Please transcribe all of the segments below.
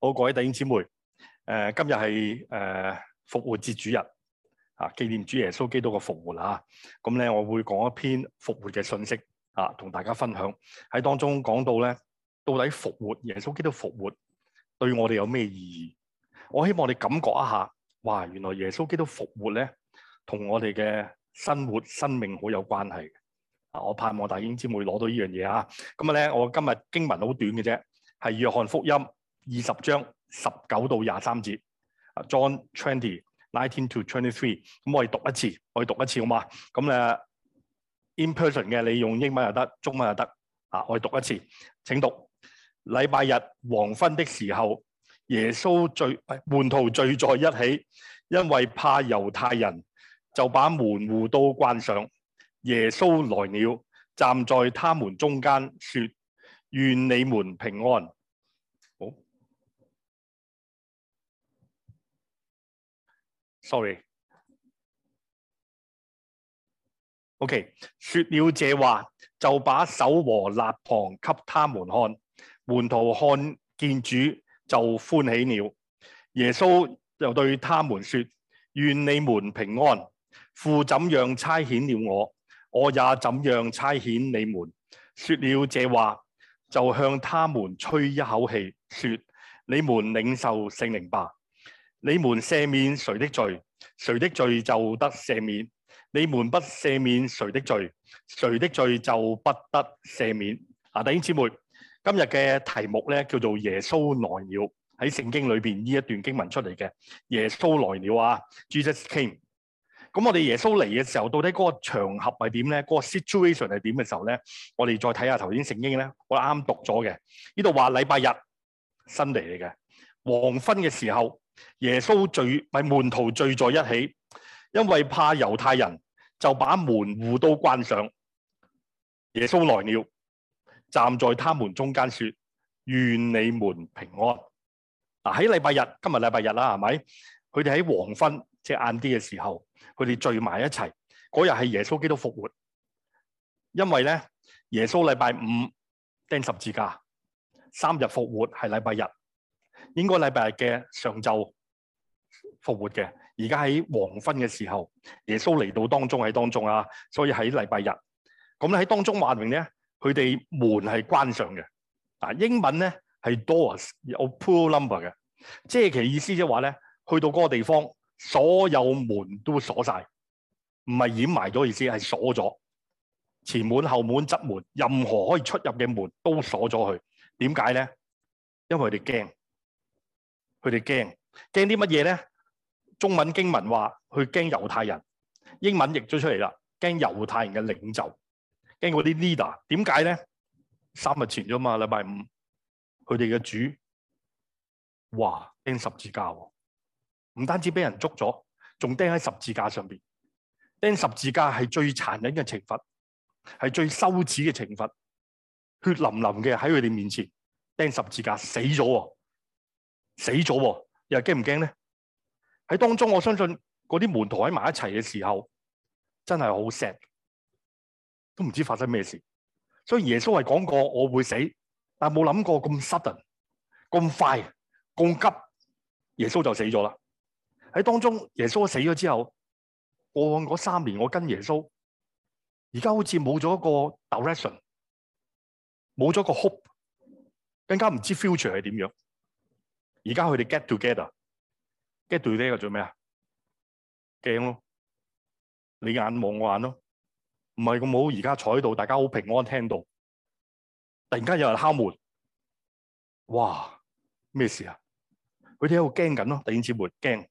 我各位弟兄姊妹，誒、呃，今日係誒復活節主日啊，紀念主耶穌基督嘅復活啦咁咧，我會講一篇復活嘅信息啊，同大家分享，喺當中講到咧，到底復活，耶穌基督復活對我哋有咩意義？我希望你感覺一下，哇，原來耶穌基督復活咧，同我哋嘅生活、生命好有關係啊，我盼望弟兄姊妹攞到呢樣嘢啊。咁啊咧，我今日經文好短嘅啫，係約翰福音。二十章十九到廿三節，John Twenty Nineteen to Twenty Three，咁我哋讀一次，我哋讀一次好嘛？咁咧，in person 嘅你用英文又得，中文又得，啊，我哋讀一次。請讀，禮拜日黃昏的時候，耶穌聚唔係門徒聚在一起，因為怕猶太人，就把門戶都關上。耶穌來了，站在他們中間，說：願你們平安。sorry。O.K. 說了這話，就把手和肋旁給他們看。門徒看見主就歡喜了。耶穌又對他們說：願你們平安。父怎樣差遣了我，我也怎樣差遣你們。說了這話，就向他們吹一口氣，說：你們領受聖靈吧。你們赦免誰的罪，誰的罪就得赦免；你們不赦免誰的罪，誰的罪就不得赦免。啊，弟兄姊妹，今日嘅題目咧叫做耶穌來了，喺聖經裏邊呢一段經文出嚟嘅，耶穌來了啊，Jesus came。咁我哋耶穌嚟嘅時候，到底嗰個場合係點咧？嗰個 situation 係點嘅時候咧？我哋再睇下頭先聖經咧，我啱啱讀咗嘅，呢度話禮拜日 Sunday 嚟嘅黃昏嘅時候。耶穌聚係門徒聚在一起，因為怕猶太人，就把門戶都關上。耶穌來了，站在他們中間說：願你們平安。嗱，喺禮拜日，今日禮拜日啦，係咪？佢哋喺黃昏即係晏啲嘅時候，佢哋聚埋一齊。嗰日係耶穌基督復活，因為咧，耶穌禮拜五釘十字架，三日復活係禮拜日。應該禮拜日嘅上晝復活嘅，而家喺黃昏嘅時候，耶穌嚟到當中喺當中啊，所以喺禮拜日，咁咧喺當中話明咧，佢哋門係關上嘅，啊英文咧係 doors 有 pull number 嘅，即係其意思即係話咧，去到嗰個地方，所有門都鎖晒，唔係掩埋咗意思，係鎖咗前門、後門、側門，任何可以出入嘅門都鎖咗去。點解咧？因為佢哋驚。佢哋驚驚啲乜嘢咧？中文經文話佢驚猶太人，英文譯咗出嚟啦，驚猶太人嘅領袖，驚嗰啲 leader。點解咧？三日前咋嘛？禮拜五，佢哋嘅主，嘩，釘十字架喎，唔單止俾人捉咗，仲釘喺十字架上邊。釘十字架係最殘忍嘅懲罰，係最羞恥嘅懲罰，血淋淋嘅喺佢哋面前釘十字架，死咗喎。死咗又驚唔驚咧？喺當中，我相信嗰啲門徒喺埋一齊嘅時候，真係好 sad，都唔知發生咩事。雖然耶穌係講過我會死，但係冇諗過咁 sudden、咁快、咁急，耶穌就死咗啦。喺當中，耶穌死咗之後，過往嗰三年我跟耶穌，而家好似冇咗一個 direction，冇咗個 hope，更加唔知 future 係點樣。而家佢哋 get together，get together 做咩啊？驚咯，你眼望我眼咯，唔係咁好。而家坐喺度，大家好平安，聽到突然間有人敲門，哇！咩事啊？佢哋喺度驚緊咯。突然節目驚，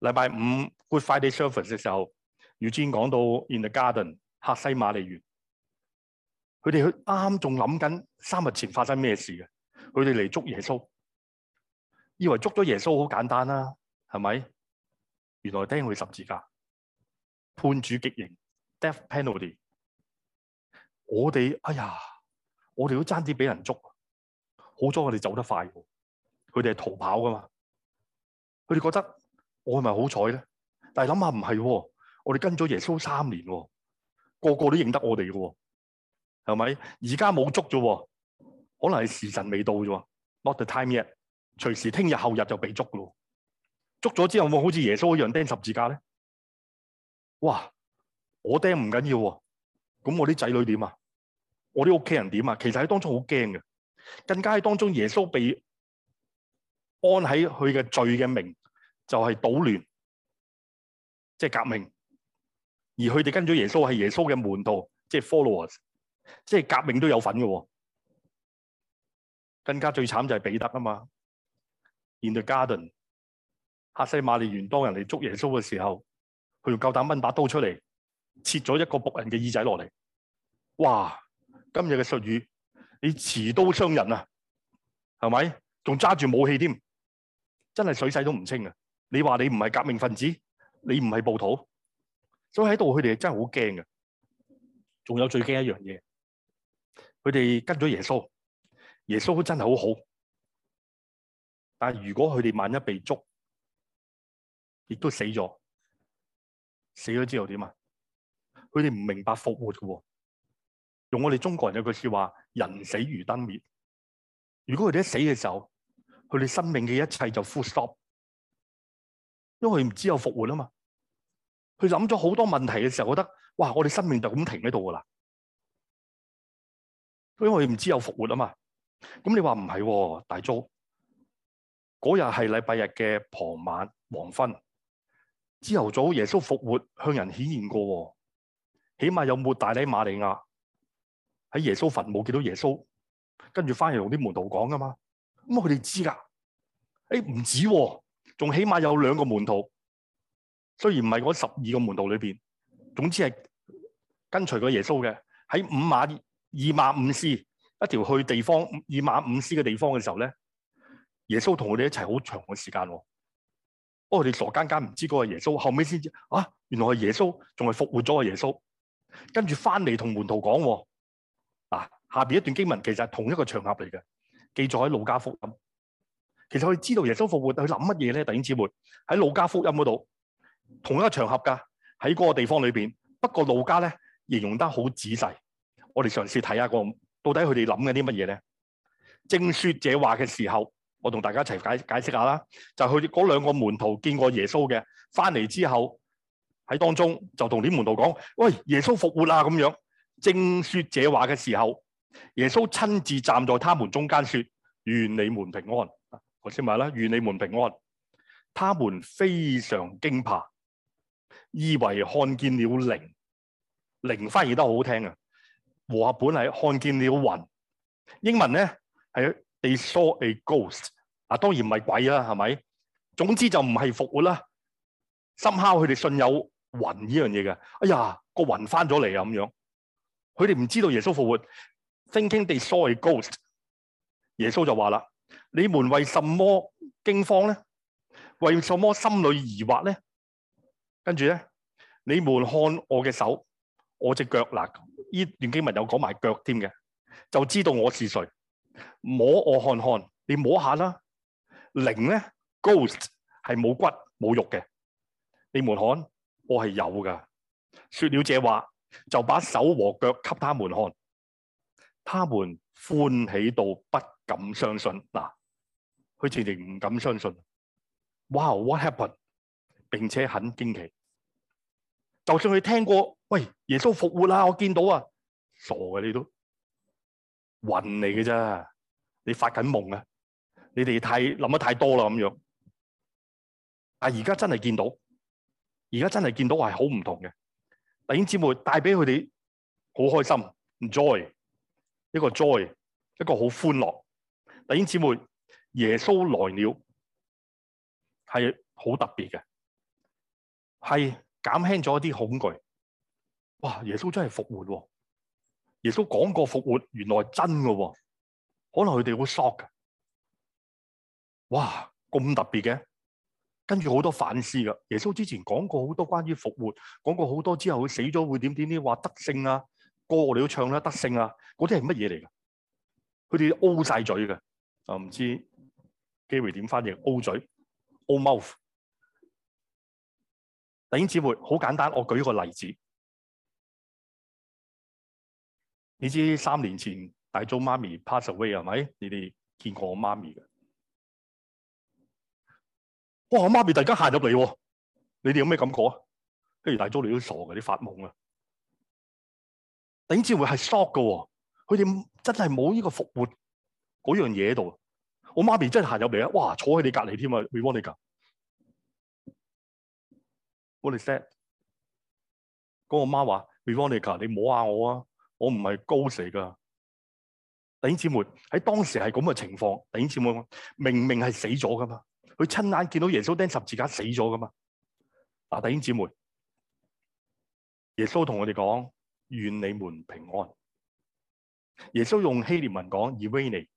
禮拜五 Good Friday Service 嘅時候，預先講到 In the Garden，客西馬尼園，佢哋去啱啱仲諗緊三日前發生咩事嘅，佢哋嚟捉耶穌。以為捉咗耶穌好簡單啦，係咪？原來釘佢十字架，判處極刑 （death penalty）。我哋哎呀，我哋都爭啲俾人捉，好彩我哋走得快，佢哋係逃跑噶嘛。佢哋覺得我係咪好彩咧？但係諗下唔係，我哋跟咗耶穌三年，個個都認得我哋噶，係咪？而家冇捉喎，可能係時辰未到啫，Not the time yet。隨時聽日後日就被捉噶咯，捉咗之後，我好似耶穌一樣釘十字架咧。哇！我釘唔緊要喎，咁我啲仔女點啊？我啲屋企人點啊？其實喺當中好驚嘅，更加喺當中耶穌被安喺佢嘅罪嘅名，就係搗亂，即係革命。而佢哋跟咗耶穌係耶穌嘅門徒，即係 followers，即係革命都有份嘅。更加最慘就係彼得啊嘛！然後加頓、garden, 客西馬尼園，當人嚟捉耶穌嘅時候，佢用夠膽掹把刀出嚟，切咗一個僕人嘅耳仔落嚟。哇！今日嘅術語，你持刀傷人啊，係咪？仲揸住武器添，真係水洗都唔清啊！你話你唔係革命分子，你唔係暴徒，所以喺度佢哋真係好驚嘅。仲有最驚一樣嘢，佢哋跟咗耶穌，耶穌真係好好。但係如果佢哋萬一被捉，亦都死咗，死咗之後點啊？佢哋唔明白復活嘅喎。用我哋中國人有句説話：人死如燈滅。如果佢哋一死嘅時候，佢哋生命嘅一切就 full stop，因為佢唔知有復活啊嘛。佢諗咗好多問題嘅時候，覺得，哇！我哋生命就咁停喺度㗎啦，因為佢唔知有復活啊嘛。咁你話唔係喎，大租？嗰日係禮拜日嘅傍晚黃昏，朝頭早耶穌復活向人顯現過，起碼有抹大拉瑪利亞喺耶穌墳墓見到耶穌，跟住翻嚟用啲門徒講噶嘛，咁佢哋知噶，誒唔止、啊，仲起碼有兩個門徒，雖然唔係嗰十二個門徒裏邊，總之係跟隨個耶穌嘅，喺以馬以馬忤斯一條去地方以馬忤斯嘅地方嘅時候咧。耶穌同我哋一齊好長嘅時間，哦，我哋傻更更唔知嗰個耶穌，後尾先知啊，原來係耶穌，仲係復活咗嘅耶穌，着跟住翻嚟同門徒講，哦，嗱，啊、下邊一段經文其實係同一個場合嚟嘅，記載喺路加福音。其實我哋知道耶穌復活，佢諗乜嘢咧？突然之會喺路加福音嗰度，同一個場合噶，喺嗰個地方裏邊，不過路加咧形容得好仔細。我哋嘗試睇下個到底佢哋諗緊啲乜嘢咧？正說這話嘅時候，我同大家一齊解解釋下啦，就去嗰兩個門徒見過耶穌嘅，翻嚟之後喺當中就同啲門徒講：喂，耶穌復活啦！咁樣正説這話嘅時候，耶穌親自站在他們中間，說：願你們平安。我先話啦，願你們平安。他們非常驚怕，以為看見了靈。靈翻譯得好好聽啊！和合本係看見了魂。英文咧係 They saw a ghost。嗱，當然唔係鬼啦，係咪？總之就唔係復活啦。深敲佢哋信有魂呢樣嘢嘅，哎呀，個魂翻咗嚟啊咁樣。佢哋唔知道耶穌復活。Thinking they saw a ghost，耶穌就話啦：你們為什麼驚慌咧？為什麼心裏疑惑咧？跟住咧，你們看我嘅手，我隻腳嗱，呢段經文有講埋腳添嘅，就知道我是誰。摸我看看，你摸一下啦。靈呢，ghost 係冇骨冇肉嘅。你們看，我係有噶。說了這話，就把手和腳給他們看。他們歡喜到不敢相信，嗱、啊，佢直情唔敢相信。哇、wow！What happened？並且很驚奇，就算佢聽過，喂，耶穌復活啦，我見到啊，傻嘅你都，暈嚟嘅啫，你發緊夢啊！你哋太諗得太多啦咁樣，但而家真係見到，而家真係見到係好唔同嘅。弟兄姊妹帶俾佢哋好開心，joy 一個 joy，一個好歡樂。弟兄姊妹，耶穌來了係好特別嘅，係減輕咗一啲恐懼。哇！耶穌真係復活、哦，耶穌講過復活，原來真噶、哦，可能佢哋會 shock。哇，咁特別嘅，跟住好多反思噶。耶穌之前講過好多關於復活，講過好多之後佢死咗會點點啲話得勝啊，歌我哋都唱啦，得勝啊，嗰啲係乜嘢嚟噶？佢哋 O 晒嘴嘅，我、啊、唔知 Gary 點翻譯 O 嘴 O mouth。弟兄姊妹，好簡單，我舉一個例子。你知三年前大祖媽咪 pass away 係咪？你哋見過我媽咪嘅？哇！我媽咪突然間行入嚟，你哋有咩感覺啊？跟住大租你都傻嘅，你發夢啊！弟兄姊妹係 shock 嘅，佢哋真係冇呢個復活嗰樣嘢喺度。我媽咪真係行入嚟，嘩，哇，坐喺你隔離添啊 Vivianica 我哋 set 嗰個媽話：Vivianica，你摸下我啊！我唔係高死㗎。姐妹，弟兄姊妹喺當時係咁嘅情況，弟兄姊妹明明係死咗噶嘛。佢親眼見到耶穌釘十字架死咗噶嘛？啊，弟兄姊妹，耶穌同我哋講願你們平安。耶穌用希臘文講 Eirene，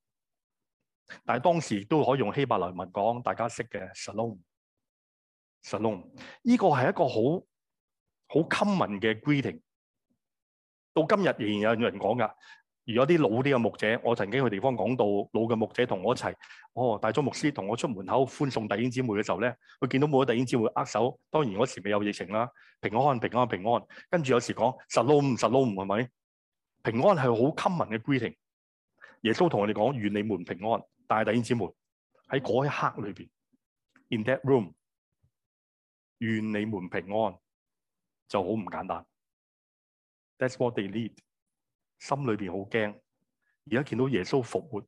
但係當時亦都可以用希伯來文講大家識嘅 Shalom，Shalom，呢個係一個好好 common 嘅 greeting，到今日仍然有人講噶。而有啲老啲嘅牧者，我曾經去地方講到老嘅牧者同我一齊，哦，帶咗牧師同我出門口歡送弟兄姊妹嘅時候咧，佢見到冇咗弟兄姊妹握手，當然嗰時未有疫情啦，平安、平安、平安。跟住有時講 shalom shalom 係咪平安，係好 common 嘅 greeting。耶穌同我哋講願你們平安，但係弟兄姊妹喺嗰一刻裏邊 in that room，願你們平安就好唔簡單。That's what they lead. 心裏邊好驚，而家見到耶穌復活，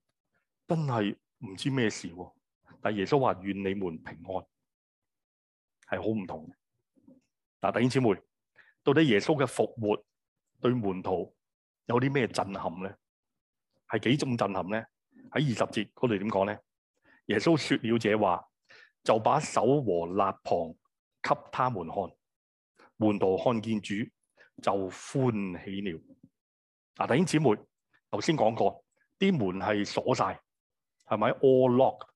真係唔知咩事喎、啊。但係耶穌話願你們平安，係好唔同嘅。嗱，弟兄姊妹，到底耶穌嘅復活對門徒有啲咩震撼咧？係幾種震撼咧？喺二十節嗰度點講咧？耶穌說了這話，就把手和肋旁給他們看，門徒看見主就歡喜了。嗱，弟兄姊妹，頭先講過啲門係鎖晒，係咪？All locked。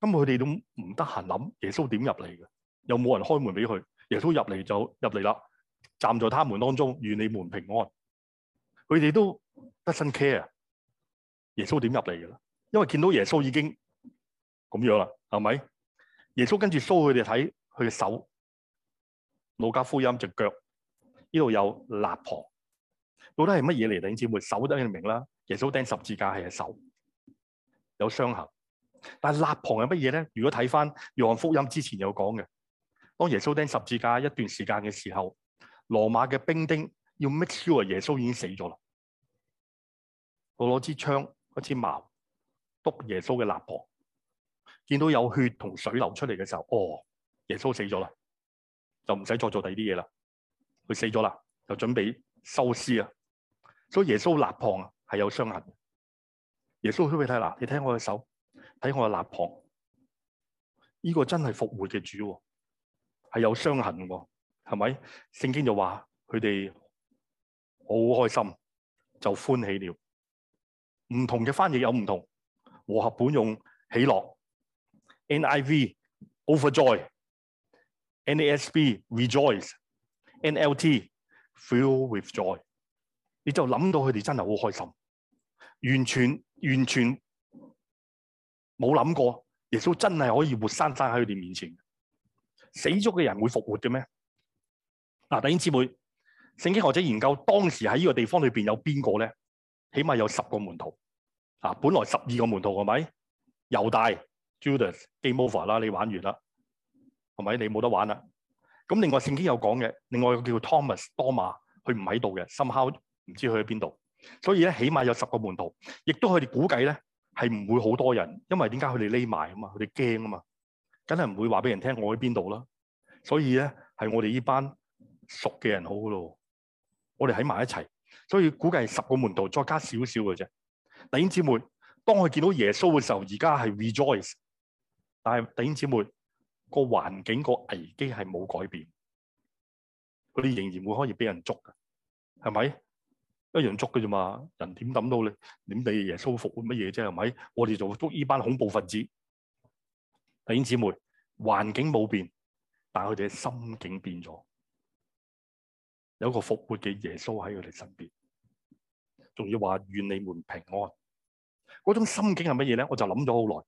咁佢哋都唔得閒諗耶穌點入嚟嘅，又冇人開門俾佢。耶穌入嚟就入嚟啦，站在他們當中，願你們平安。佢哋都得身 care，耶穌點入嚟㗎啦？因為見到耶穌已經咁樣啦，係咪？耶穌跟住 show 佢哋睇佢嘅手，路加福音隻腳，呢度有肋旁。到底係乜嘢嚟？弟兄姊妹，手一定明啦。耶穌掟十字架係手，有傷痕。但肋旁係乜嘢咧？如果睇翻《約翰福音》之前有講嘅，當耶穌掟十字架一段時間嘅時候，羅馬嘅兵丁要 make sure 耶穌已經死咗啦。我攞支槍、一支矛篤耶穌嘅肋旁，見到有血同水流出嚟嘅時候，哦，耶穌死咗啦，就唔使再做第二啲嘢啦。佢死咗啦，就準備收屍啊。所以、so，耶穌肋旁係有傷痕。耶穌，你睇啦，你睇我嘅手，睇我嘅肋旁，呢、這個真係復活嘅主、哦，係有傷痕喎，係咪？聖經就話佢哋好開心，就歡喜了。唔同嘅翻譯有唔同，和合本用喜樂，NIV overjoy，NASB rejoice，NLT filled with joy。你就諗到佢哋真係好開心，完全完全冇諗過耶穌真係可以活生生喺佢哋面前，死咗嘅人會復活嘅咩？嗱，弟兄姊妹，聖經學者研究當時喺呢個地方裏邊有邊個咧？起碼有十個門徒，嗱，本來十二個門徒係咪？猶大、Judas、Game Over 啦，你玩完啦，係咪？你冇得玩啦。咁另外聖經有講嘅，另外一個叫做 Thomas 多馬，佢唔喺度嘅，somehow。唔知去喺邊度，所以咧起碼有十個門徒，亦都佢哋估計咧係唔會好多人，因為點解佢哋匿埋啊嘛？佢哋驚啊嘛，梗係唔會話俾人聽我喺邊度啦。所以咧係我哋呢班熟嘅人好噶咯，我哋喺埋一齊，所以估計十個門徒再加少少嘅啫。弟兄姊妹，當佢見到耶穌嘅時候，而家係 rejoice，但係弟兄姊妹，個環境、個危機係冇改變，佢哋仍然會可以俾人捉㗎，係咪？一樣捉嘅啫嘛，人點諗到呢？你點俾耶穌復活乜嘢啫？係咪？我哋就捉依班恐怖分子。弟兄姊妹，環境冇變，但係佢哋嘅心境變咗。有一個復活嘅耶穌喺佢哋身邊，仲要話願你們平安。嗰種心境係乜嘢咧？我就諗咗好耐。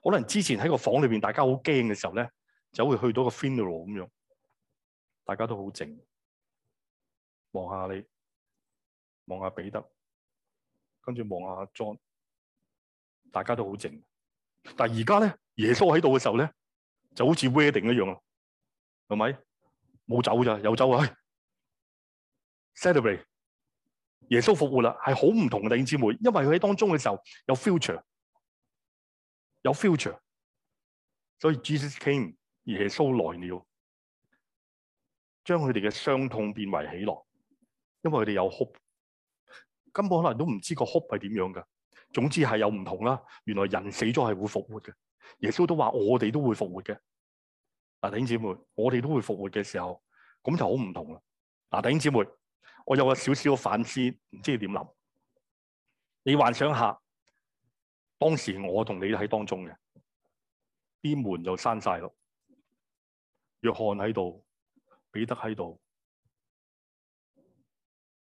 可能之前喺個房裏邊，大家好驚嘅時候咧，就會去到個 funeral 咁樣，大家都好靜，望下你。望下彼得，跟住望下 John，大家都好靜。但係而家咧、哎，耶穌喺度嘅時候咧，就好似 wedding 一樣啊，係咪？冇走咋，有走啊 celebrate，耶穌復活啦，係好唔同嘅弟兄姊妹，因為佢喺當中嘅時候有 future，有 future，所以 Jesus came，耶穌來了，將佢哋嘅傷痛變為喜樂，因為佢哋有 hope。根本可能都唔知個哭係點樣嘅，總之係有唔同啦。原來人死咗係會復活嘅，耶穌都話我哋都會復活嘅。嗱，弟兄姊妹，我哋都會復活嘅時候，咁就好唔同啦。嗱，弟兄姊妹，我有個少少反思，唔知你點諗？你幻想一下，幻想下當時我同你喺當中嘅，啲門就閂晒咯。約翰喺度，彼得喺度，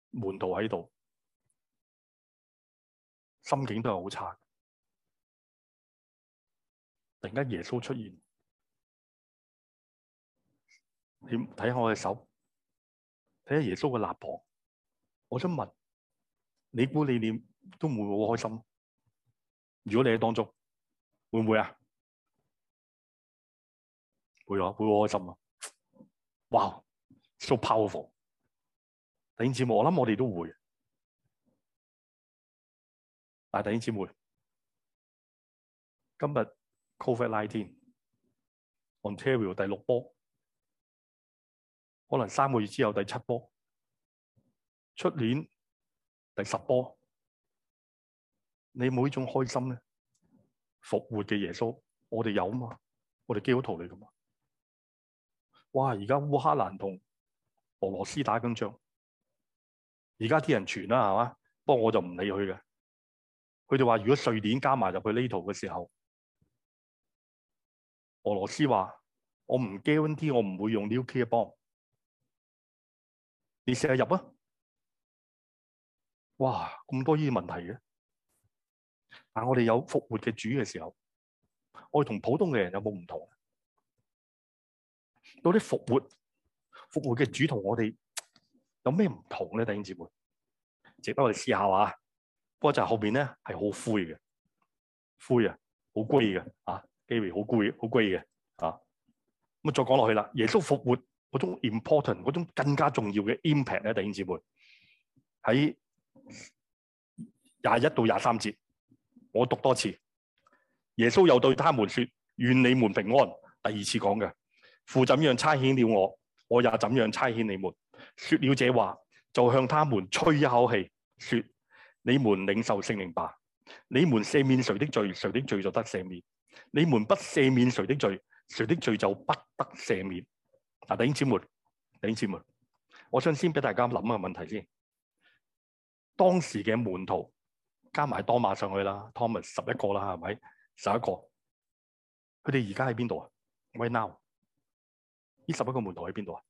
門徒喺度。心境都係好差，突然間耶穌出現，你睇下我嘅手，睇下耶穌嘅肋旁，我想問，你估你念都會唔會開心？如果你喺當中，會唔會啊？會啊，會好開心啊！哇，wow，so powerful！頂節目，我諗我哋都會。大弟兄姊妹，今日 Covid nineteen Ontario 第六波，可能三個月之後第七波，出年第十波，你有冇呢種開心咧？復活嘅耶穌，我哋有啊嘛？我哋基督徒嚟噶嘛？哇！而家烏克蘭同俄羅斯打緊仗，而家啲人傳啦，係嘛？不過我就唔理佢嘅。佢哋話：如果瑞典加埋入去呢度嘅時候，俄羅斯話：我唔 guarantee，我唔會用 nuclear bomb。你試下入啊！哇，咁多呢啲問題嘅。但係我哋有復活嘅主嘅時候，我哋同普通嘅人有冇唔同？嗰啲復活復活嘅主同我哋有咩唔同咧？弟兄姊妹，值得我哋試下啊！不過就是後面咧係好灰嘅，灰啊，好灰嘅啊，Gary 好灰，好灰嘅啊。咁啊再講落去啦，耶穌復活嗰種 important，嗰種更加重要嘅 impact 咧，弟兄姊妹喺廿一到廿三節，我讀多次。耶穌又對他們說，願你們平安。第二次講嘅，父怎樣差遣了我，我也怎樣差遣你們。說了這話，就向他們吹一口氣，說。你們領受聖靈吧。你們赦免誰的罪，誰的罪就得赦免；你們不赦免誰的罪，誰的罪就不得赦免。啊，弟兄姊妹，弟兄姊妹，我想先俾大家諗一個問題先。當時嘅門徒加埋多馬上去啦，Thomas 十一個啦，係咪十一個？佢哋而家喺邊度啊？Right now，呢十一個門徒喺邊度啊？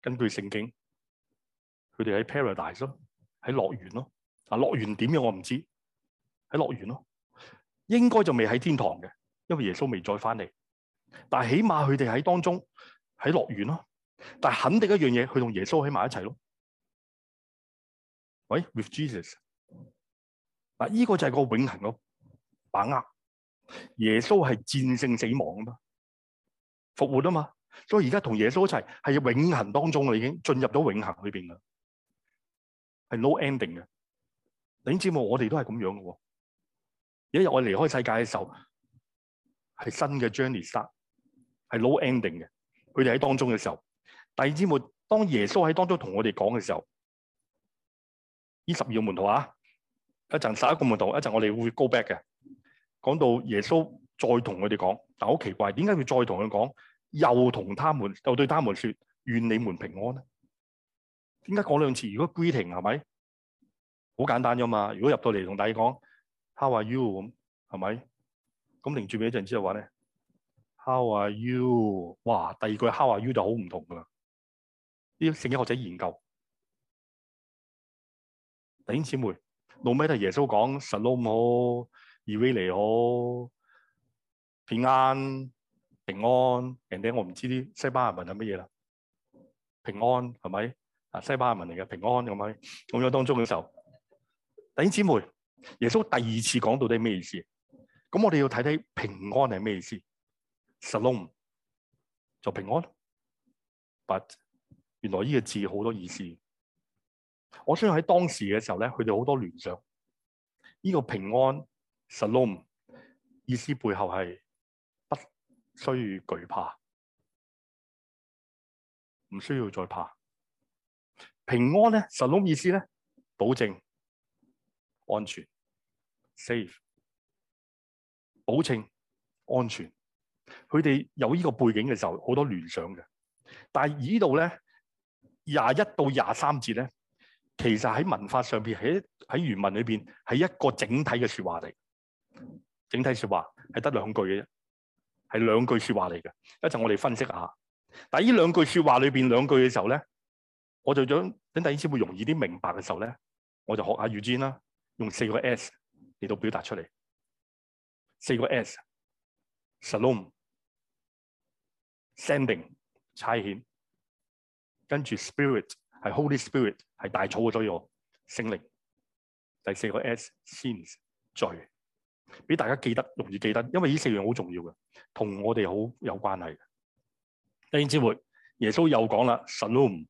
根據聖經，佢哋喺 Paradise 咯，喺樂園咯。啊，樂園點嘅我唔知，喺樂園咯，應該就未喺天堂嘅，因為耶穌未再翻嚟。但係起碼佢哋喺當中喺樂園咯。但係肯定一樣嘢，佢同耶穌喺埋一齊咯。喂，With Jesus，嗱，呢個就係個永恆嘅把握。耶穌係戰勝死亡啊嘛，復活啊嘛。所以而家同耶穌一齊係永恒當中啦，已經進入咗永恒裏邊啦，係 no ending 嘅。弟兄姊妹，我哋都係咁樣嘅、哦。有一日我離開世界嘅時候，係新嘅 journey start，係 no ending 嘅。佢哋喺當中嘅時候，弟兄姊妹，當耶穌喺當中同我哋講嘅時候，呢十二個門徒啊，一陣十一個門徒，一陣我哋會 go back 嘅，講到耶穌再同我哋講，但好奇怪，點解要再同佢講？又同他們又對他們說，願你們平安呢。點解講兩次？如果 greeting 係咪好簡單咋嘛？如果入到嚟同大家講 How are you 咁係咪？咁停住俾一陣之後話咧 How are you？哇，第二句 How are you 就好唔同噶啦。啲聖經學者研究，弟兄姊妹，到尾都係耶穌講神好唔好，二位嚟好平安。平安，人哋我唔知啲西班牙文係乜嘢啦。平安係咪啊？西班牙文嚟嘅平安，咁樣咁樣？咁樣當中嘅時候，弟兄姊妹，耶穌第二次講到底咩意思？咁我哋要睇睇平安係咩意思。Salome 就平安，but 原來呢個字好多意思。我相信喺當時嘅時候咧，佢哋好多聯想呢個平安 Salome 意思背後係。需要懼怕，唔需要再怕。平安咧，神窿意思咧，保證安全，safe，保證安全。佢哋有呢個背景嘅時候，好多聯想嘅。但係呢度咧，廿一到廿三節咧，其實喺文法上邊喺喺原文裏邊係一個整體嘅說話嚟，整體說話係得兩句嘅啫。係兩句說話嚟嘅，一陣我哋分析一下。但係呢兩句說話裏面兩句嘅時候咧，我就想等第二次會容易啲明白嘅時候咧，我就學一下預知啦，用四個 S 嚟到表達出嚟。四個 S：Shalom、sending、差遣，跟住 Sp spirit 係 Holy Spirit 係大草嘅堆喎，聖靈。第四個 S：sins 罪。俾大家記得容易記得，因為呢四樣好重要嘅，同我哋好有關係。弟兄姊妹，耶穌又講啦，神都唔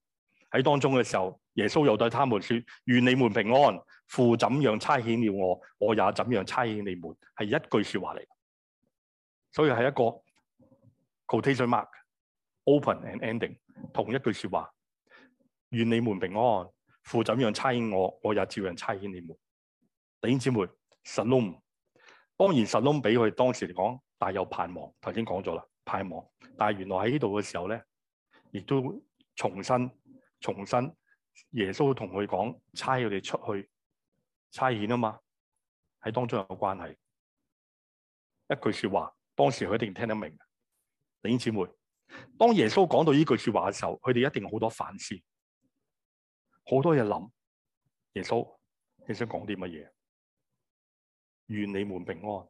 喺當中嘅時候，耶穌又對他們説：願你們平安。父怎樣差遣了我，我也怎樣差遣你們，係一句説話嚟。所以係一個 quotation mark open and ending 同一句説話。願你們平安。父怎樣差遣我，我也照樣差遣你們。弟兄姊妹，神都唔。當然神唔俾佢當時嚟講，但係有盼望。頭先講咗啦，盼望。但係原來喺呢度嘅時候咧，亦都重新、重新，耶穌同佢講差佢哋出去差遣啊嘛，喺當中有關係。一句說話，當時佢一定聽得明。弟兄姊妹，當耶穌講到呢句說話嘅時候，佢哋一定好多反思，好多嘢諗。耶穌，你想講啲乜嘢？願你們平安。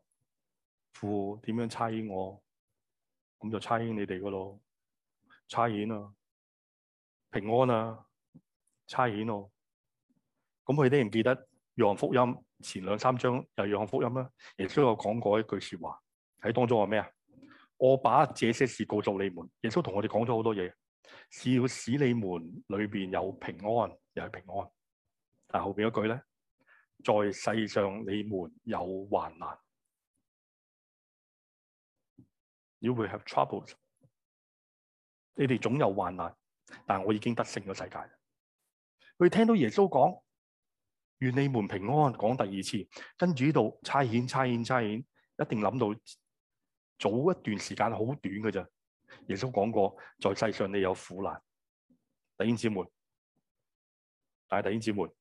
父點樣差遣我，咁就差遣你哋噶咯。差遣啊，平安啊，差遣啊。咁佢哋唔記得約翰福音前兩三章又約翰福音啦。耶穌有講過一句說話喺當中話咩啊？我把這些事告訴你們。耶穌同我哋講咗好多嘢，是要使你們裏邊有平安，又係平安。但後邊一句咧？在世上你們有患難，you will have troubles。你哋總有患難，但係我已經得勝咗世界。佢聽到耶穌講願你們平安，講第二次，跟住呢度差遣差遣差遣，一定諗到早一段時間好短嘅啫。耶穌講過，在世上你有苦難。弟兄姊妹，係弟兄姊妹。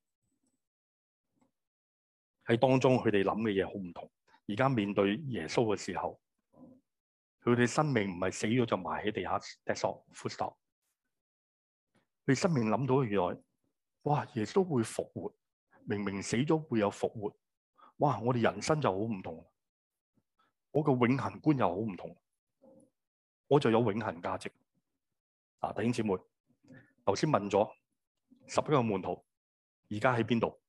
喺當中，佢哋諗嘅嘢好唔同。而家面對耶穌嘅時候，佢哋生命唔係死咗就埋喺地下 death or dust 佢 生命諗到原來，哇！耶穌會復活，明明死咗會有復活，哇！我哋人生就好唔同，我嘅永恆觀又好唔同，我就有永恆價值。啊，弟兄姊妹，頭先問咗十一個門徒，而家喺邊度？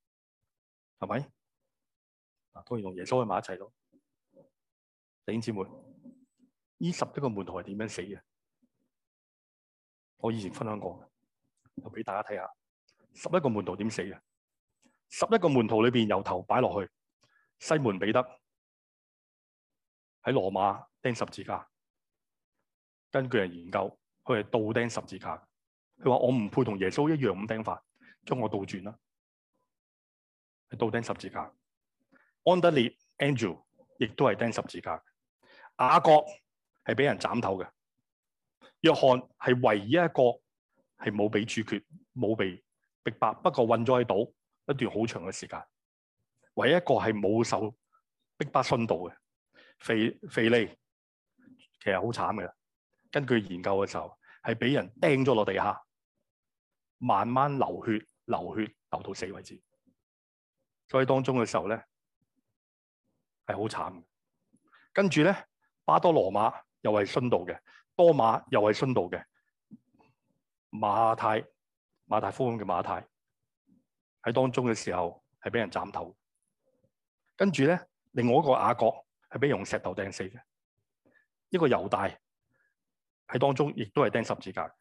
係咪？啊，當然同耶穌去埋一齊咯。弟兄姊妹，呢十一個門徒係點樣死嘅？我以前分享過，就俾大家睇下十一個門徒點死嘅。十一個門徒裏邊由頭擺落去，西門彼得喺羅馬釘十字架。根據人研究，佢係倒釘十字架。佢話我唔配同耶穌一樣咁釘法，將我倒轉啦，係倒釘十字架。安德烈、Andrew 亦都係釘十字架的，雅各係俾人斬頭嘅，約翰係唯一一個係冇被處決、冇被逼迫，不過困咗喺島一段好長嘅時間，唯一一個係冇受逼迫殉道嘅。腓腓利其實好慘嘅，根據研究嘅時候係俾人釘咗落地下，慢慢流血、流血，流血流到死為止。所以當中嘅時候咧。係好慘嘅，跟住咧，巴多羅馬又係殉道嘅，多馬又係殉道嘅，馬太馬太福音嘅馬太喺當中嘅時候係俾人斬頭，跟住咧，另外一個雅各係俾人用石頭掟死嘅，一個猶大喺當中亦都係釘十字架嘅，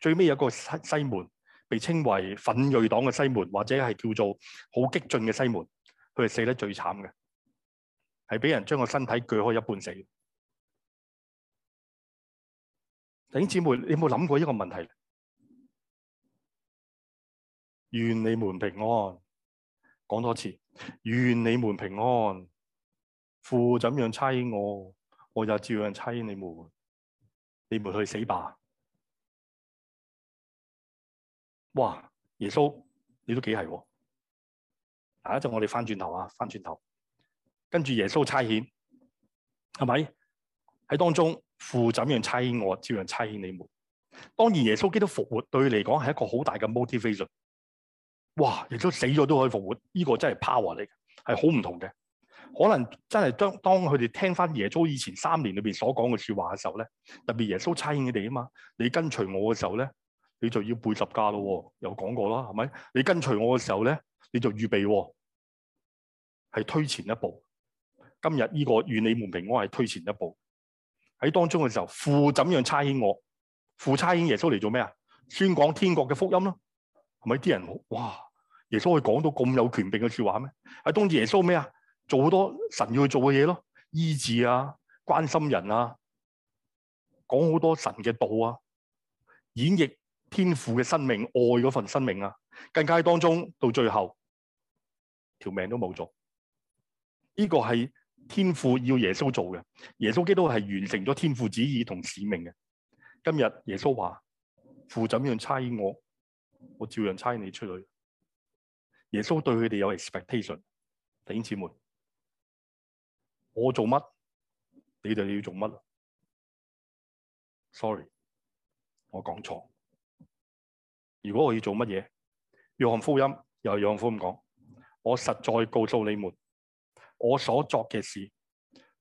最尾有個西西門被稱為奮銳黨嘅西門或者係叫做好激進嘅西門，佢係死得最慘嘅。係俾人將個身體鋸開一半死的。弟兄姊妹，你有冇諗過呢個問題？願你們平安。講多次，願你們平安。父怎樣差我，我就照樣差你們。你們去死吧。哇！耶穌，你都幾係？下一陣我哋翻轉頭啊，翻轉頭。回頭跟住耶穌差遣，係咪喺當中父怎樣差遣我，照樣差遣你們。當然耶穌基督復活對佢嚟講係一個好大嘅 motivation。哇，耶穌死咗都可以復活，呢個真係 power 嚟嘅，係好唔同嘅。可能真係當當佢哋聽翻耶穌以前三年裏邊所講嘅說話嘅時候咧，特別耶穌差遣你哋啊嘛，你跟隨我嘅時候咧，你就要背十架咯，哦，有講過啦，係咪？你跟隨我嘅時候咧，你就預備，哦，係推前一步。今日呢個願你們平安係推前一步，喺當中嘅時候，父怎樣差遣我，父差遣耶穌嚟做咩啊？宣講天國嘅福音咯，係咪啲人哇？耶穌可以講到咁有權柄嘅說話咩？喺當時耶穌咩啊？做好多神要去做嘅嘢咯，醫治啊，關心人啊，講好多神嘅道啊，演繹天父嘅生命、愛嗰份生命啊，更加喺當中到最後條命都冇做。呢個係。天父要耶穌做嘅，耶穌基督係完成咗天父旨意同使命嘅。今日耶穌話：父怎樣差我，我照樣差你出去。耶穌對佢哋有 expectation，弟兄姊妹，我做乜，你哋你要做乜啊？Sorry，我講錯。如果我要做乜嘢，約翰福音又係約翰福音講，我實在告訴你們。我所作嘅事，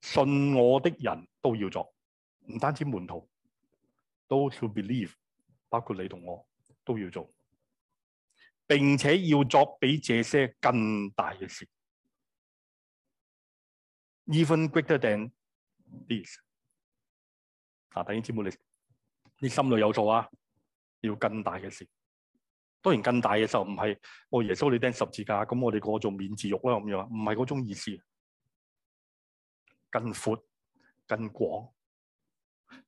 信我的人都要做，唔單止門徒，都要 believe，包括你同我都要做，並且要作比這些更大嘅事 ，even greater than this 啊，弟兄姊妹，你你心裏有數啊，要更大嘅事。當然更大嘅時候，唔係，哦，我耶穌你掟十字架，咁我哋過做免治獄啦咁樣，唔係嗰種意思。更闊、更廣、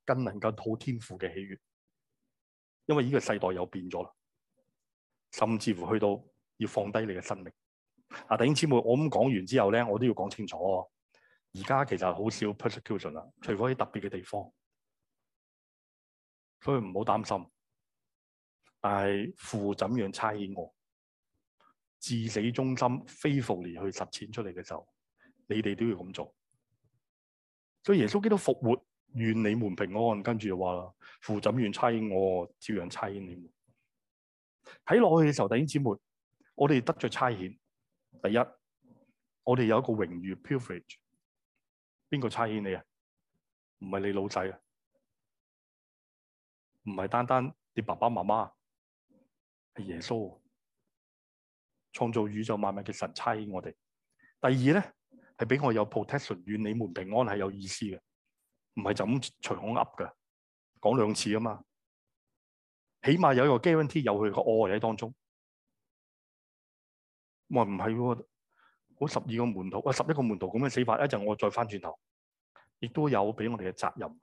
更能夠吐天父嘅喜悅，因為呢個世代又變咗啦，甚至乎去到要放低你嘅生命。啊弟兄姊妹，我咁講完之後咧，我都要講清楚，而家其實好少 persecution 啦，除非喺特別嘅地方，所以唔好擔心。但係父怎樣差遣我，至死忠心，非復而去實踐出嚟嘅時候，你哋都要咁做。所以耶穌基督復活，願你們平安。跟住就話，父怎樣差遣我，照樣差遣你們。睇落去嘅時候，弟兄姊妹，我哋得咗差遣。第一，我哋有一個榮譽 privilege，邊個差遣你啊？唔係你老仔啊，唔係單單你爸爸媽媽。耶穌創造宇宙萬物嘅神差我哋。第二咧係俾我有 protection 願你們平安係有意思嘅，唔係就咁隨口噏㗎，講兩次啊嘛，起碼有一個 guarantee 有佢個愛喺當中。我話唔係，嗰十二個門徒啊，十一個門徒咁樣嘅死法，一陣我再翻轉頭，亦都有俾我哋嘅責任。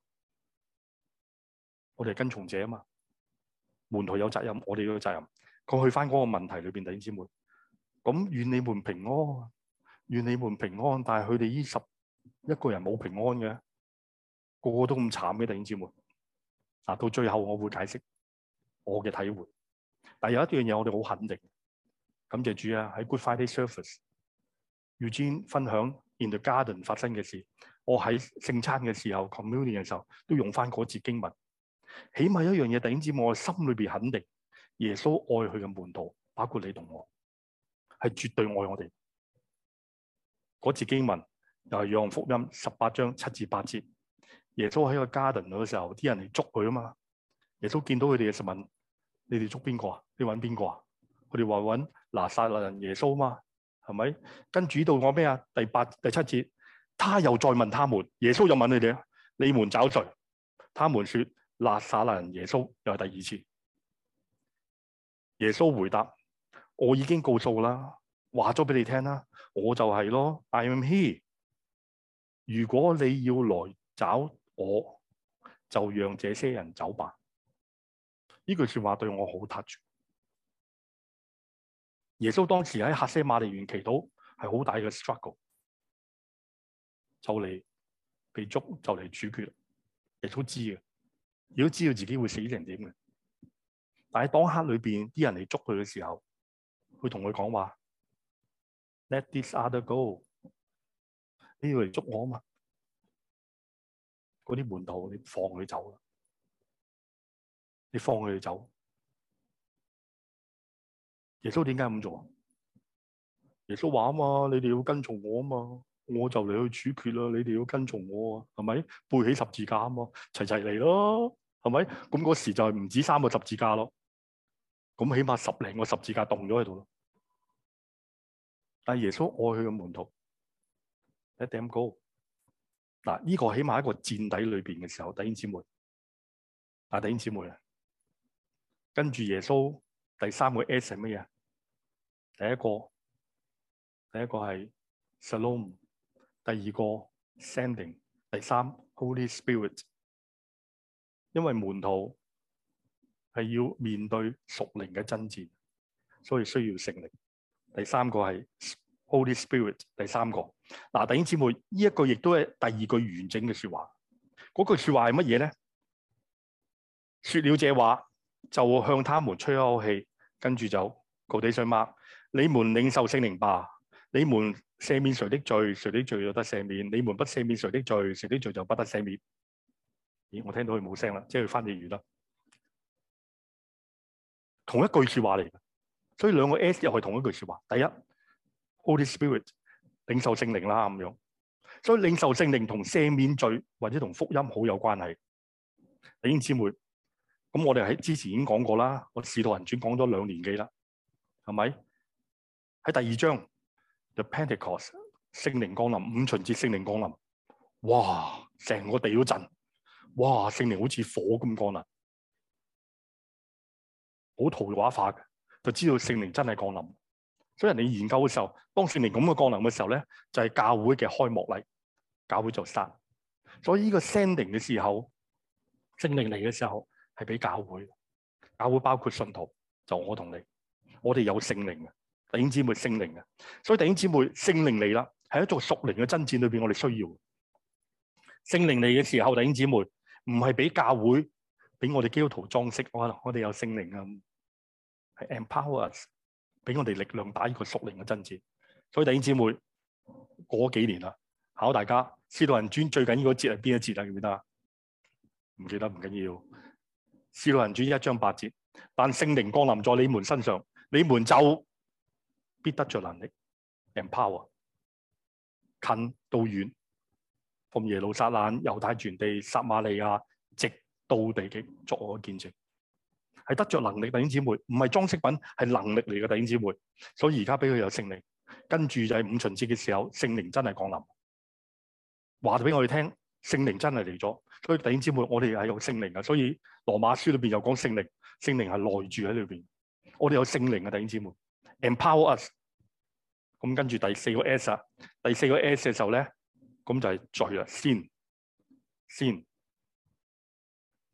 我哋係跟從者啊嘛，門徒有責任，我哋都有責任。過去翻嗰個問題裏邊，弟兄姊妹，咁願你們平安，願你們平安。但係佢哋呢十一個人冇平安嘅，個個都咁慘嘅，弟兄姊妹。啊，到最後我會解釋我嘅體會。但係有一樣嘢我哋好肯定，感謝主啊！喺 Good Friday Service，Eugene 分享 In the Garden 發生嘅事，我喺聖餐嘅時候，communion 嘅時候都用翻嗰節經文。起碼一樣嘢，弟兄姊妹，我心裏邊肯定。耶穌愛佢嘅門徒，包括你同我，係絕對愛我哋。嗰節經文又係《約翰福音》十八章七至八節，耶穌喺個加登度嘅時候，啲人嚟捉佢啊嘛。耶穌見到佢哋嘅就問：你哋捉邊個啊？你揾邊個啊？佢哋話揾拿撒勒人耶穌啊嘛，係咪？跟住到講咩啊？第八、第七節，他又再問他們，耶穌又問佢哋：你們找誰？他們說拿撒勒人耶穌，又係第二次。耶穌回答：我已經告訴啦，話咗俾你聽啦，我就係咯，I am here。如果你要來找我，就讓這些人走吧。呢句說話對我好 touch。耶穌當時喺客西馬尼園祈禱，係好大嘅 struggle，就嚟被捉，就嚟處決。耶穌知嘅，如果知道自己會死成點嘅。但係當黑裏邊，啲人嚟捉佢嘅時候，佢同佢講話：Let this other go。你要嚟捉我啊嘛？嗰啲門徒，你放佢走啦，你放佢哋走。耶穌點解咁做？耶穌話啊嘛，你哋要跟從我啊嘛，我就嚟去處決啦。你哋要跟從我啊，係咪背起十字架啊嘛？齊齊嚟咯，係咪？咁嗰時就係唔止三個十字架咯。咁起碼十零個十字架凍咗喺度咯，但耶穌愛佢嘅門徒，let them go。嗱，呢個起碼一個墊底裏邊嘅時候，弟兄姊妹，啊弟兄姊妹啊，跟住耶穌第三個 S 係乜嘢啊？第一個，第一個係 Salome，第二個 Sending，第三 Holy Spirit，因為門徒。係要面對屬靈嘅爭戰，所以需要聖靈。第三個係 Holy Spirit。第三個嗱、啊，弟兄姊妹，呢一句亦都係第二句完整嘅說話。嗰句說話係乜嘢咧？說了這話，就向他們吹口氣，跟住就到地想乜？你們領受聖靈吧，你們赦免誰的罪，誰的罪就得赦免；你們不赦免誰的罪，誰的罪就不得赦免。咦，我聽到佢冇聲啦，即係佢翻譯完啦。同一句說話嚟嘅，所以兩個 S 又係同一句說話。第一，Holy Spirit，領受聖靈啦咁樣，所以領受聖靈同赦免罪或者同福音好有關係。弟兄姊妹，咁我哋喺之前已經講過啦，我使徒行傳講咗兩年幾啦，係咪？喺第二章，The Pentecost，聖靈降臨，五旬節聖靈降臨，哇，成個地都震，哇，聖靈好似火咁降臨。好圖畫化嘅，就知道聖靈真係降臨。所以人哋研究嘅時候，當聖靈咁嘅降臨嘅時候咧，就係、是、教會嘅開幕禮，教會就生。所以呢個 sending 嘅時候，聖靈嚟嘅時候係俾教會，教會包括信徒，就我同你，我哋有聖靈嘅弟兄姊妹，聖靈嘅。所以弟兄姊妹，聖靈嚟啦，係一種屬靈嘅爭戰裏邊，我哋需要聖靈嚟嘅時候，弟兄姊妹唔係俾教會。俾我哋基督徒裝飾，我我哋有聖靈啊，係 empowers 俾我哋力量打呢個屬靈嘅爭戰。所以弟兄姊妹過幾年啦，考大家《使徒行傳》最緊要嗰節係邊一節啊？記唔記得啊？唔記得唔緊要，《使徒行傳》一章八節，但聖靈降臨在你們身上，你們就必得着能力。Empower 近到遠，從耶路撒冷、猶太全地、撒瑪利亞，直到地極作我嘅見證，係得着能力，弟兄姊妹，唔係裝飾品，係能力嚟嘅弟兄姊妹。所以而家俾佢有聖靈，跟住就係五旬節嘅時候，聖靈真係降臨，話俾我哋聽，聖靈真係嚟咗。所以弟兄姊妹，我哋係有聖靈嘅。所以羅馬書裏邊又講聖靈，聖靈係內住喺裏邊，我哋有聖靈嘅弟兄姊妹。Empower us，咁跟住第四個 S 啊，第四個 S 嘅時候咧，咁就係在啦，先先。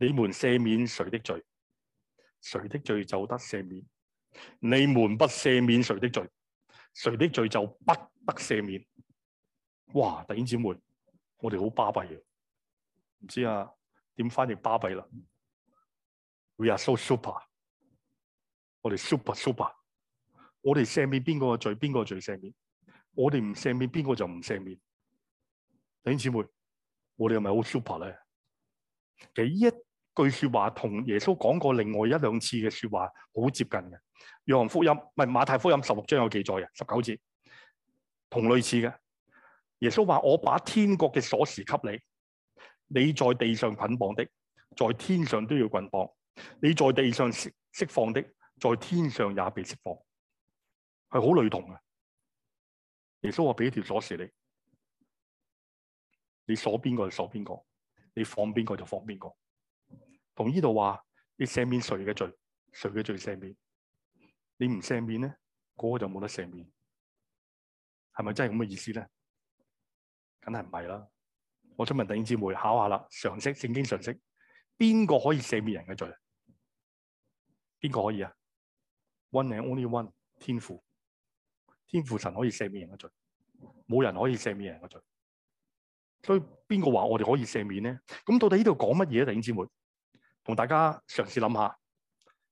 你們赦免誰的罪，誰的罪就得赦免；你們不赦免誰的罪，誰的罪就不得赦免。哇！弟兄姊妹，我哋好巴閉嘅，唔知啊，點翻譯巴閉啦？We are so super，我哋 super super，我哋赦免邊個嘅罪，邊個罪赦免？我哋唔赦免邊個就唔赦免。弟兄姊妹，我哋係咪好 super 咧？其實呢句說話同耶穌講過另外一兩次嘅說話好接近嘅，約翰福音唔係馬太福音十六章有記載嘅十九節，同類似嘅。耶穌話：我把天國嘅鎖匙給你，你在地上捆綁的，在天上都要捆綁；你在地上釋釋放的，在天上也被釋放。係好類同嘅。耶穌話：俾條鎖匙你，你鎖邊個就鎖邊個，你放邊個就放邊個。同呢度話你赦免誰嘅罪，誰嘅罪赦免？你唔赦免咧，嗰個就冇得赦免。係咪真係咁嘅意思咧？梗係唔係啦。我想問弟兄姊妹考，考下啦，常識，聖經常識，邊個可以赦免人嘅罪？邊個可以啊？One and only one，天父，天父神可以赦免人嘅罪，冇人可以赦免人嘅罪。所以邊個話我哋可以赦免咧？咁到底呢度講乜嘢啊？弟兄姊妹？同大家嘗試諗下，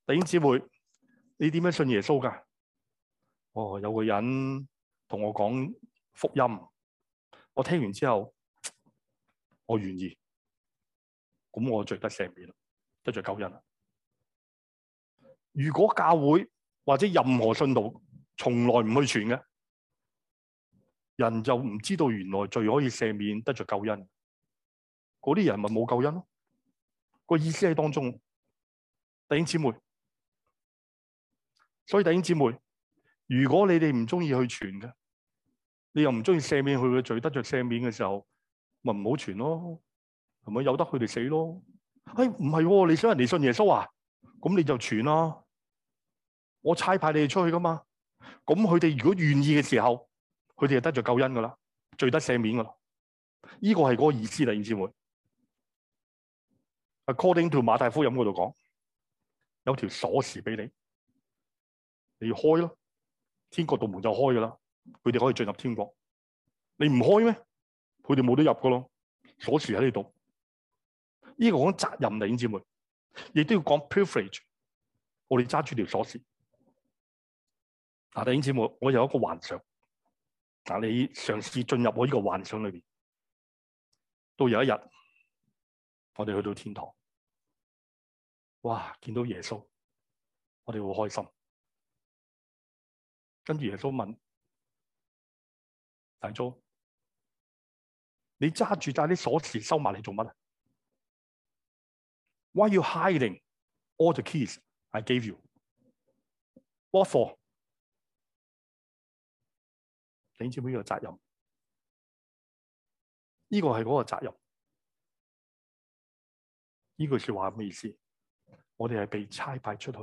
弟兄姊妹，你點樣信耶穌噶？哦，有個人同我講福音，我聽完之後，我願意，咁我罪得赦免，得着救恩。如果教會或者任何信道從來唔去傳嘅，人就唔知道原來罪可以赦免，得着救恩。嗰啲人咪冇救恩咯。個意思喺當中弟兄姊妹，所以弟兄姊妹，如果你哋唔中意去傳嘅，你又唔中意赦免佢嘅罪，得着赦免嘅時候，咪唔好傳咯，係咪？由得佢哋死咯。哎，唔係，你想人哋信耶穌啊？咁你就傳咯。我差派你哋出去噶嘛。咁佢哋如果願意嘅時候，佢哋就得着救恩噶啦，罪得赦免噶啦。呢個係嗰個意思，弟兄姊妹。According to 馬太福音嗰度講，有條鎖匙俾你，你要開咯，天國道門就開噶啦，佢哋可以進入天國。你唔開咩？佢哋冇得入噶咯。鎖匙喺呢度。呢個講責任嚟，弟兄姊妹，亦都要講 privilege。我哋揸住條鎖匙。嗱，弟兄姊妹，我有一個幻想。嗱，你嘗試進入我呢個幻想裏邊，到有一日，我哋去到天堂。哇！見到耶穌，我哋好開心。跟住耶穌問大卒，你揸住晒啲鎖匙收埋嚟做乜啊？Why are you hiding all the keys I gave you？What for？你知唔知呢個責任？呢個係嗰個責任。呢句說話係咩意思？我哋係被差派出去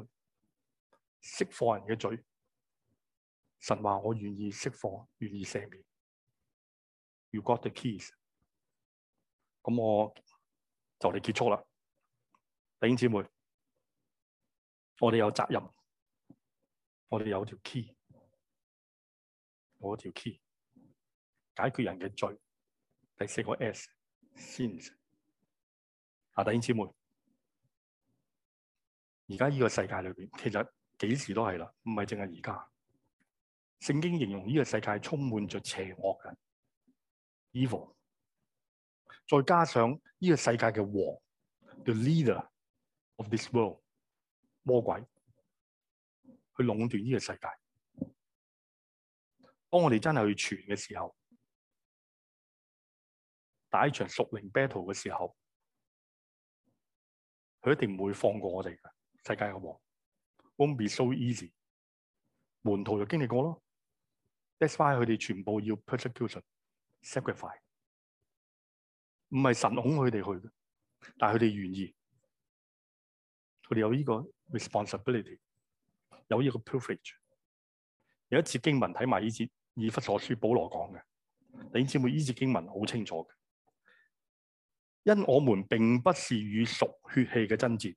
釋放人嘅罪。神話我願意釋放，願意赦免。You got the keys。咁我就嚟結束啦。弟兄姊妹，我哋有責任，我哋有條 key，我條 key 解決人嘅罪。第四個 S，sins。啊，弟兄姊妹。而家呢個世界裏邊，其實幾時都係啦，唔係淨係而家。聖經形容呢個世界充滿着邪惡嘅 evil，再加上呢個世界嘅王，the leader of this world，魔鬼去壟斷呢個世界。當我哋真係去傳嘅時候，打一場屬靈 battle 嘅時候，佢一定唔會放過我哋嘅。世界嘅王，won't be so easy。門徒就經歷過咯，that's why 佢哋全部要 persecution，sacrifice。唔係神恐佢哋去嘅，但係佢哋願意，佢哋有呢個 responsibility，有呢個 privilege。有一次經文睇埋呢節，以弗所書保羅講嘅，你知姊妹，呢節經文好清楚嘅，因我們並不是與屬血氣嘅爭戰。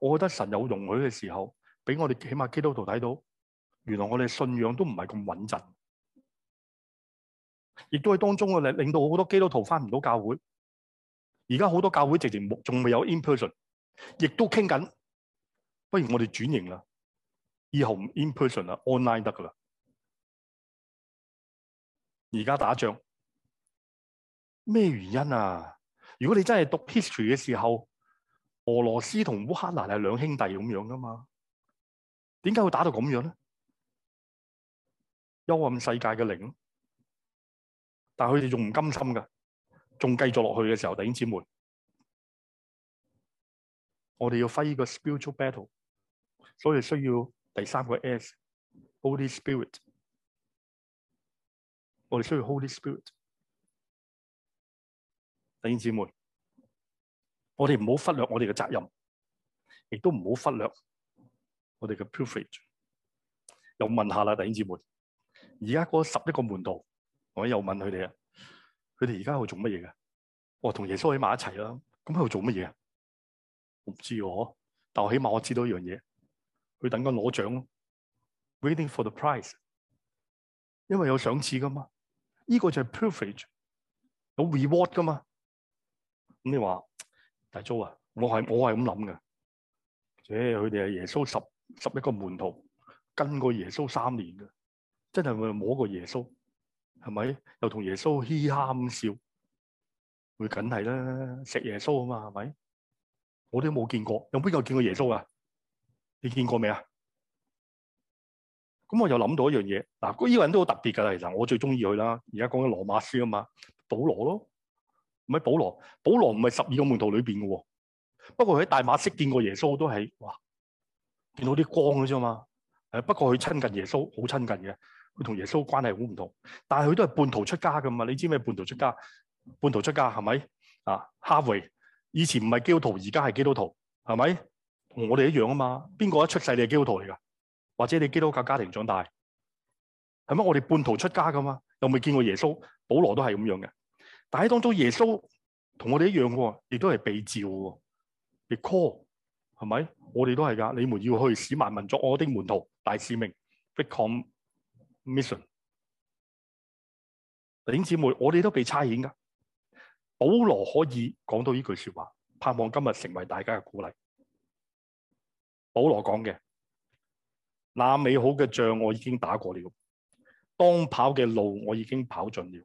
我覺得神有容許嘅時候，俾我哋起碼基督徒睇到，原來我哋信仰都唔係咁穩陣，亦都係當中我哋令到好多基督徒返唔到教會。而家好多教會直情仲未有 in person，亦都傾緊，不如我哋轉型啦，以後唔 in person 啦，online 得噶啦。而家打仗咩原因啊？如果你真係讀 history 嘅時候，俄羅斯同烏克蘭係兩兄弟咁樣噶嘛？點解會打到咁樣咧？幽暗世界嘅靈，但係佢哋仲唔甘心噶，仲繼續落去嘅時候，弟兄姊妹，我哋要 fight a spiritual battle，所以需要第三個 S，Holy Spirit。我哋需要 Holy Spirit，弟兄姊妹。我哋唔好忽略我哋嘅責任，亦都唔好忽略我哋嘅 privilege。又問下啦，弟兄姊妹，而家嗰十一個門道，我又問佢哋啊，佢哋而家喺度做乜嘢嘅？我同耶穌喺埋一齊啦，咁喺度做乜嘢啊？我唔知喎，但我起碼我知道一樣嘢，佢等緊攞獎咯，waiting for the prize，因為有賞賜噶嘛，呢個就係 privilege，有 reward 噶嘛。咁你話？大租啊！我係我係咁諗嘅，誒，佢哋係耶穌十十一個門徒，跟過耶穌三年嘅，真係會摸過耶穌，係咪？又同耶穌嘻哈咁笑，會梗係啦，食耶穌啊嘛，係咪？我哋冇見過，有邊個見過耶穌啊？你見過未啊？咁我又諗到一樣嘢，嗱，呢個人都好特別噶啦，其實我最中意佢啦。而家講緊羅馬書啊嘛，保羅咯。咪保羅，保羅唔係十二個門徒裏邊嘅。不過佢喺大馬色見過耶穌，都係哇，見到啲光嘅啫嘛。誒，不過佢親近耶穌好親近嘅，佢同耶穌關係好唔同。但係佢都係半途出家噶嘛。你知咩？半途出家，半途出家係咪啊？哈維以前唔係基督徒，而家係基督徒，係咪？同我哋一樣啊嘛。邊個一出世你係基督徒嚟噶？或者你基督教家庭長大，係咪？我哋半途出家噶嘛。有冇見過耶穌？保羅都係咁樣嘅。但喺當中，耶穌同我哋一樣，亦都係被召的，被 call，係咪？我哋都係噶，你們要去使萬民作，我的門徒，大使命，become mission。弟兄姊妹，我哋都被差遣噶。保羅可以講到呢句說話，盼望今日成為大家嘅鼓勵。保羅講嘅，那美好嘅仗我已經打過了，當跑嘅路我已經跑盡了。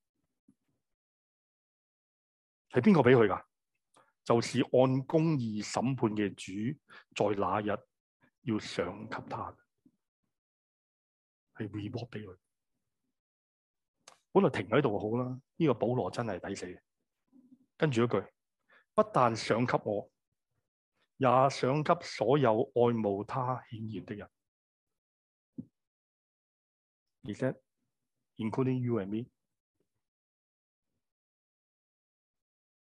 係邊個畀佢噶？就是按公義審判嘅主，在那日要賞給他的，係 reward 俾佢。本來停喺度好啦，呢、這個保羅真係抵死。跟住一句，不但賞給我，也賞給所有愛慕他顯現的人。你睇，including you and me。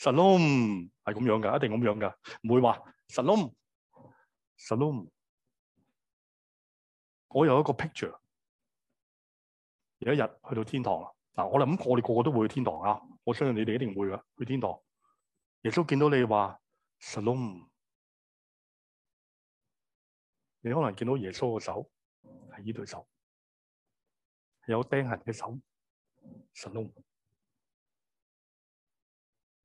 Shalom 係咁樣嘅，一定咁樣嘅，唔會話 ShalomShalom。我有一個 picture，有一日去到天堂啦。嗱，我哋諗，我哋個個都會去天堂啊！我相信你哋一定會嘅，去天堂。耶穌見到你話 Shalom，你可能見到耶穌個手係呢對手，有釘痕嘅手，Shalom。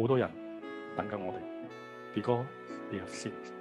好多人等緊我哋，傑哥你先。